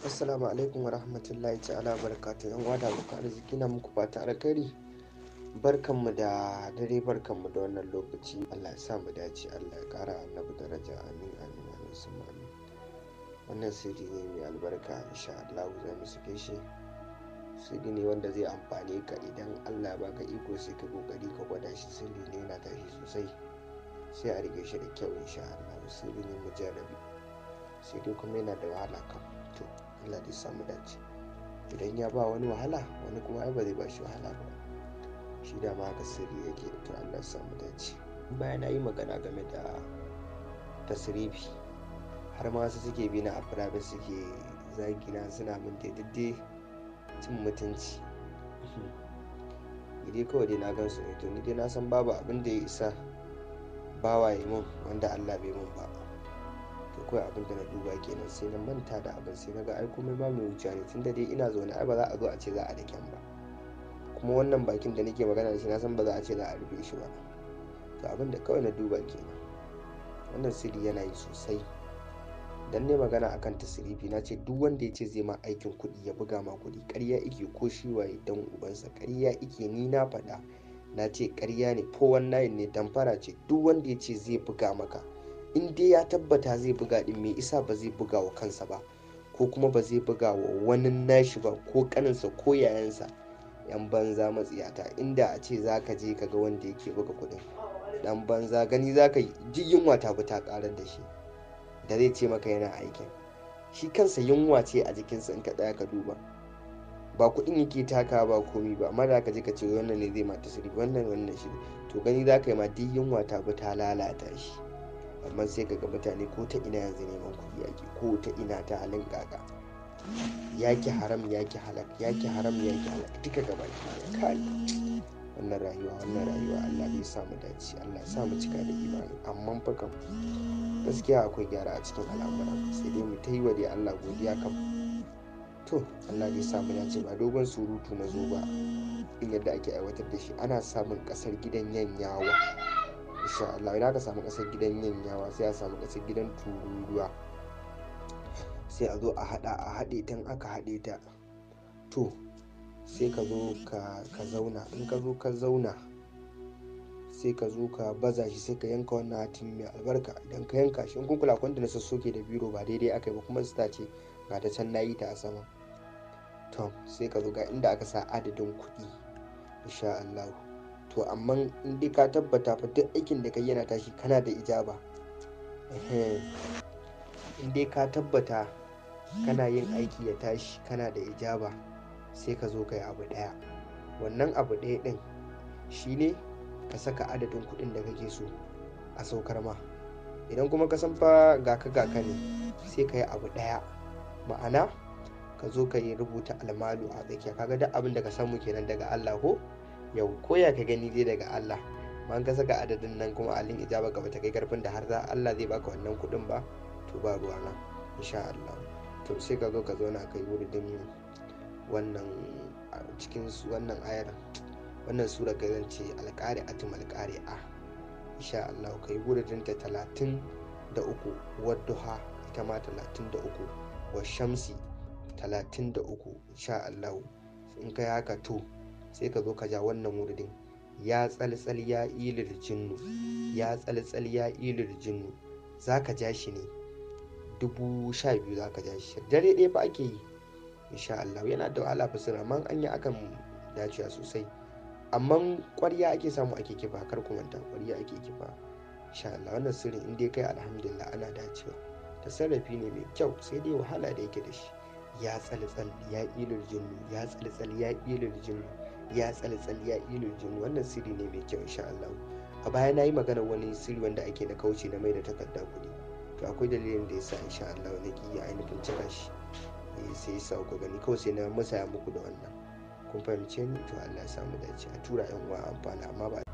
assalamu alaikum warahmatullahi ta'ala barakatu yan wada muku arziki na muku fata alkhairi barkanmu da dare barkanmu da wannan lokaci allah ya sa mu dace allah ya kara annabi daraja amin amin amin summa amin wannan sirri ne mai albarka insha allah za mu sake shi sirri ne wanda zai amfane ka idan allah baka iko sai ka kokari ka gwada shi sirri ne yana tashi sosai sai a rige shi da kyau insha allah sirri ne mujarrabi sai dai kuma yana da wahala kan to Allah samu dace idan ya ba wani wahala wani kuma ai ba zai ba shi wahala ba shi da ma haka sirri yake to Allah samu dace bayan na yi magana game da tasrifi har ma su suke bi na a suke zagina suna min daidai cin mutunci idai kawai na gan su ne to ni dai na san babu abin da ya isa bawa ya mun wanda Allah bai mun ba kawai abin da na duba kenan sai na manta da abin sai na ga ai komai ma mai wuce ne tunda dai ina zaune ai ba za a zo a ce za a daken ba kuma wannan bakin da nake magana da shi na san ba za a ce za a rufe shi ba to abin da kawai na duba kenan wannan sirri yana yi sosai dan ne magana akan tasirifi na ce duk wanda ya ce zai ma aikin kuɗi ya buga ma kuɗi ƙarya ike ko shi waye dan ubansa ƙarya ike ni na faɗa na ce ƙarya ne 419 ne damfara ce duk wanda ya ce zai buga maka in dai ya tabbata zai buga din me isa ba zai buga wa kansa ba ko kuma ba zai buga wa wani nashi ba ko kaninsa ko yayansa yan banza matsiyata inda a ce za ka je ka ga wanda yake buga kudin dan banza gani za ka yi yunwa ta bi ta karar da shi da zai ce maka yana aikin shi kansa yunwa ce a jikinsa in ka tsaya ka duba ba kudin yake taka ba komi ba amma da ka je ka ce wannan ne zai mata tasiri wannan wannan shi to gani za ka yi ma duk yunwa ta ta lalata shi amma sai ga mutane ko ta ina yanzu neman kuɗi ake ko ta ina ta halin kaka yaki haram yaki halak yaki haram yaki halak duka gaba ɗaya kai wannan rayuwa wannan rayuwa Allah bai sa mu dace Allah sa mu cika da imani amma fa kam gaskiya akwai gyara a cikin al'amuran sai dai mu ta yi wa dai Allah godiya kam to Allah bai sa mu dace ba dogon surutu na zo ba in yadda ake aiwatar da shi ana samun kasar gidan yanyawa insha Allah idan aka samu kasar gidan yanyawa sai a samu kasar gidan tururuwa sai a zo a hada a haɗe ta aka haɗe ta to sai ka zo ka zauna in ka zo ka zauna sai ka zo ka baza shi sai ka yanka wannan hatin mai albarka idan ka yanka shi in kun kula kwanda na sassoke da biro ba daidai aka yi ba kuma sita ce ga ta can nayi ta a sama to sai ka zo ga inda aka sa adadin kuɗi insha Allah to amma in dai ka tabbata fa duk aikin da kai yana tashi kana da ijaba in dai ka tabbata kana yin aiki ya tashi kana da ijaba sai ka zo kai abu ɗaya wannan abu ɗaya ɗin shine ka saka adadin kuɗin da kake so a saukar ma idan kuma ka san fa gaka gaka ne sai ka yi abu ɗaya ma'ana ka zo ka yi rubuta almalu a tsakiya kaga duk abin da ka samu kenan daga allah ko yau koya ka gani dai daga Allah ma ka saka adadin nan kuma alin ijaba ka bata kai karfin da har za Allah zai baka wannan kudin ba to ba ruwana insha Allah to sai ka zo ka zauna kai wuridin wannan cikin wannan ayar wannan sura ka zan ce alƙari atum alƙari a insha Allah kai wuridin ta talatin da uku wadduha ita ma talatin da uku wa shamsi talatin da uku insha Allah in kai haka to sai ka zo ka ja wannan wuridin ya tsaltsal ya ilir jinnu ya tsaltsal ya ilir jinnu za ka ja shi ne dubu sha biyu za ka ja shi dare ɗaya fa ake yi insha Allah yana da wahala sun amma an yi akan dacewa sosai amma ƙwarya ake samu ake kifa kar ku manta ƙwarya ake kifa insha Allah wannan sirrin in dai kai alhamdulillah ana dacewa tasarrafi ne mai kyau sai dai wahala da yake da shi ya tsaltsal ya ilir jinnu ya tsaltsal ya ilir jinnu ya tsaltsal ya ilo jin wannan sirri ne mai kyau insha Allah a baya na yi magana wani sirri wanda ake na kauce na mai da takarda kuɗi to akwai dalilin da ya sa insha Allah na ki ainihin cika shi eh, sai ya ku gani kawai sai na masaya muku da wannan kun fahimce ni to Allah ya samu dace a tura yan uwa amfana amma ba